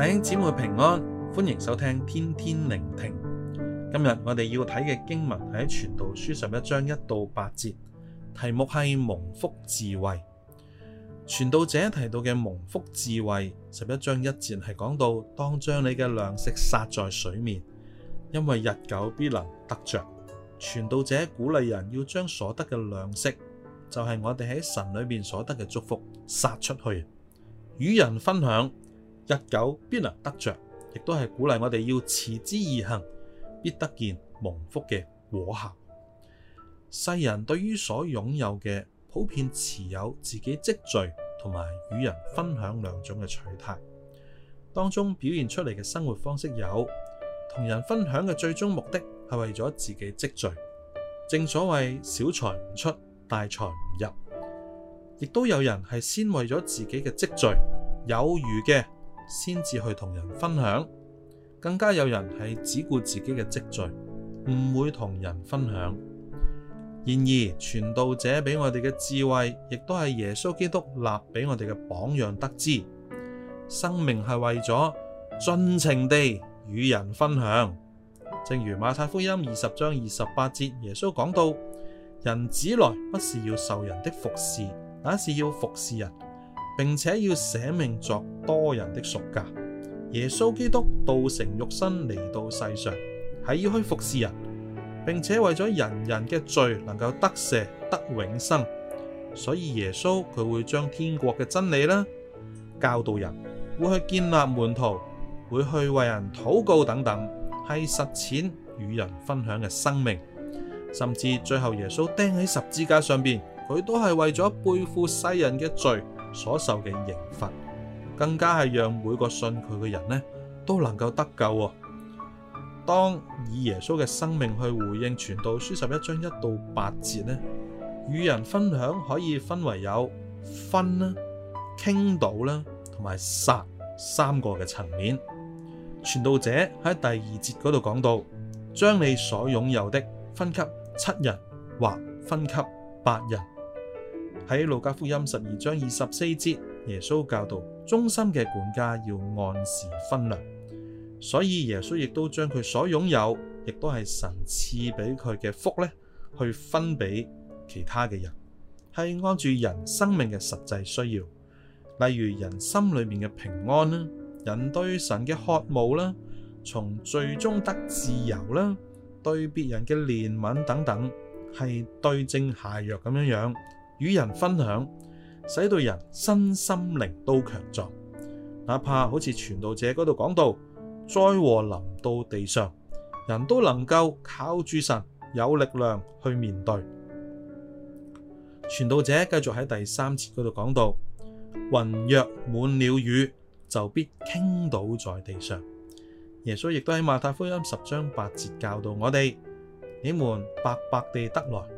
弟兄姊妹平安，歡迎收聽天天靈聽。今日我哋要睇嘅經文係《傳道書》十一章一到八節，題目係蒙福智慧。傳道者提到嘅蒙福智慧，十一章一節係講到，當將你嘅糧食撒在水面，因為日久必能得着。傳道者鼓勵人要將所得嘅糧食，就係、是、我哋喺神裏面所得嘅祝福，撒出去，與人分享。日久必能得着，亦都係鼓勵我哋要持之以恆，必得見蒙福嘅果效。世人對於所擁有嘅，普遍持有自己積聚同埋與人分享兩種嘅取態，當中表現出嚟嘅生活方式有：同人分享嘅最終目的係為咗自己積聚，正所謂小財唔出，大財唔入；亦都有人係先為咗自己嘅積聚有餘嘅。先至去同人分享，更加有人係只顧自己嘅積聚，唔會同人分享。然而，傳道者俾我哋嘅智慧，亦都係耶穌基督立俾我哋嘅榜樣得知，生命係為咗盡情地與人分享。正如馬太福音二十章二十八節，耶穌講到，人子來不是要受人的服事，乃是要服事人。並且要捨命作多人的贖價。耶穌基督道成肉身嚟到世上，係要去服事人，並且為咗人人嘅罪能夠得赦得永生，所以耶穌佢會將天國嘅真理啦教導人，會去建立門徒，會去為人禱告等等，係實踐與人分享嘅生命。甚至最後耶穌釘喺十字架上邊，佢都係為咗背負世人嘅罪。所受嘅刑罰，更加係讓每個信佢嘅人呢都能夠得救。當以耶穌嘅生命去回應傳道書十一章一到八節呢，與人分享可以分為有分啦、傾倒啦，同埋撒三個嘅層面。傳道者喺第二節嗰度講到，將你所擁有的分給七人或分給八人。喺路加福音十二章二十四節，耶穌教導忠心嘅管家要按時分糧，所以耶穌亦都將佢所擁有，亦都係神賜俾佢嘅福呢去分俾其他嘅人，係按住人生命嘅實際需要，例如人心裏面嘅平安啦，人對神嘅渴慕啦，從罪中得自由啦，對別人嘅憐憫等等，係對症下藥咁樣樣，與人分享，使到人身心靈都強壯。哪怕好似傳道者嗰度講到，災禍臨到地上，人都能夠靠住神有力量去面對。傳道者繼續喺第三節嗰度講到，雲若滿了雨，就必傾倒在地上。耶穌亦都喺馬太福音十章八節教導我哋：你們白白地得來。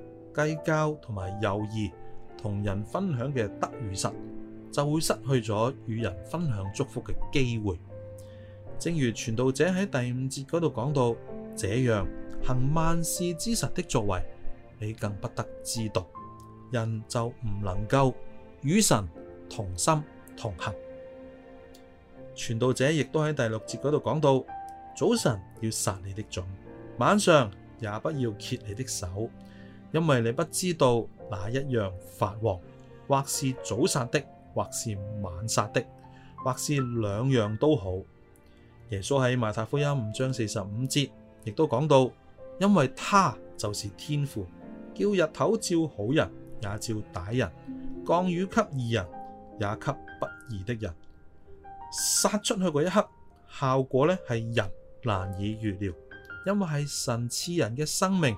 計較同埋猶疑同人分享嘅得與失，就會失去咗與人分享祝福嘅機會。正如傳道者喺第五節嗰度講到，這樣行萬事之神的作為，你更不得知道，人就唔能夠與神同心同行。傳道者亦都喺第六節嗰度講到，早晨要撒你的種，晚上也不要歇你的手。因為你不知道哪一樣發旺，或是早撒的，或是晚撒的，或是兩樣都好。耶穌喺馬太福音五章四十五節亦都講到，因為他就是天父，叫日頭照好人也照歹人，降雨給義人也給不義的人。撒出去嗰一刻，效果呢係人難以預料，因為係神賜人嘅生命。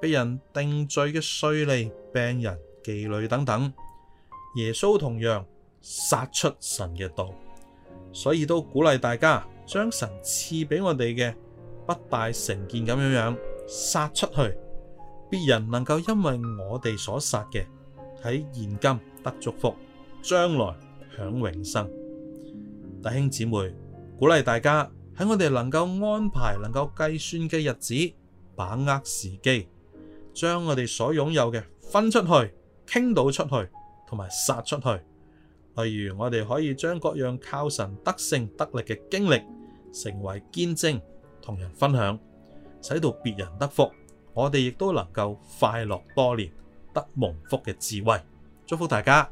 被人定罪嘅稅吏、病人、妓女等等，耶穌同樣撒出神嘅道，所以都鼓勵大家將神賜俾我哋嘅，不帶成見咁樣樣撒出去。別人能夠因為我哋所撒嘅，喺現今得祝福，將來享永生。弟兄姊妹，鼓勵大家喺我哋能夠安排、能夠計算嘅日子，把握時機。將我哋所擁有嘅分出去、傾倒出去，同埋撒出去。例如，我哋可以將各樣靠神得勝得力嘅經歷，成為見證，同人分享，使到別人得福，我哋亦都能夠快樂多年，得蒙福嘅智慧。祝福大家！